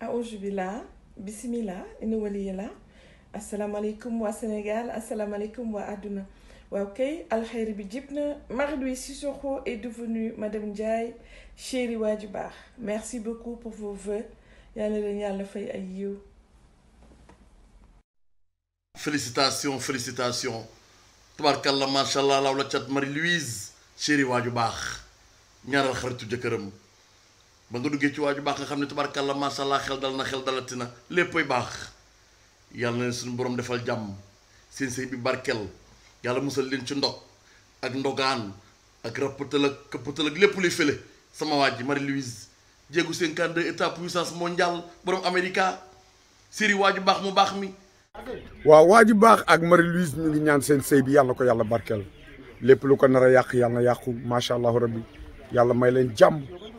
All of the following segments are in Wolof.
auzu billah bisimila ina waliyila asalaamaaleykum waa Sénégal asalaamaaleykum waa àdduna waaw kay alxeyri bi jib na Marie-Louise Sissoko est devenue madame Ndiaye chéri waa ju baax merci beaucoup pour vos vœux yàlla leen yàlla fay ay yiw félicitations félicitations tubaarkalla macha allah law la Marie-Louise chéri waa ju baax ñaaral xaritu jëkkëram ba nga duggee ci waaju baax nga xam ne tabarkalla macha allah xel dal na xel dalati na léppay baax yàlla na leen suñu borom defal jàmm seen sëy bi barkel yàlla musal leen ci ndog ak ndogaan ak rappatal ak këppatal ak lépp luy fële sama waa ji Marie-Louise jéegu 52 état puissance mondiale borom Amerika séri waaju baax mu baax mi. waaw waaju baax ak Marie-Louise ñu ngi ñaan seen sëy bi yàlla ko yàlla barkel lépp lu ko nar yàq yàlla na yàqu macha allah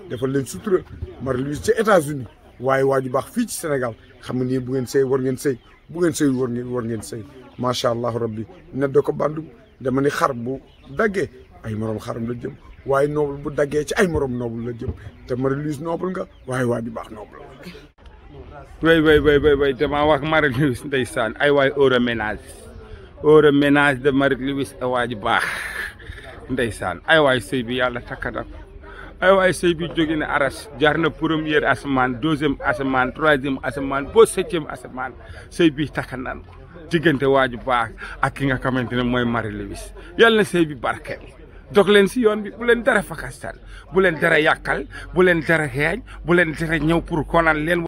defal leen sutura Marie Louise ca états waaye waa ju baax fii ci Sénégal xam nga nii bu ngeen sëy war ngeen sëy bu ngeen sëy war ngeen war ngeen sëy macha allah rabbi nedda ko bandum dama ni xar bu daggee ay morom xaram la jëm waaye noble bu daggee ci ay morom noble la jëm te Marie Louise noble nga waaye waa ju baax noble la. way way way damaa wax Marie Louise ndeysaan ay waay heure ménage heure ménage de Marie Louise a waa ju baax ndeysaan ay waay sëy bi yàlla takk na aywaay sëy bi jóge na aras jaar na première asamaan deuxième asamaan troisième asamaan ba septième asamaan sëy bi takk naan ko diggante waaju baax ak ki nga xamante ne mooy Marie Louise yàlla na sëy bi barkeel dog leen si yoon bi bu leen dara fakastal bu leen dara yàkkal bu leen dara xeeñ bu dara ñëw pour konal leen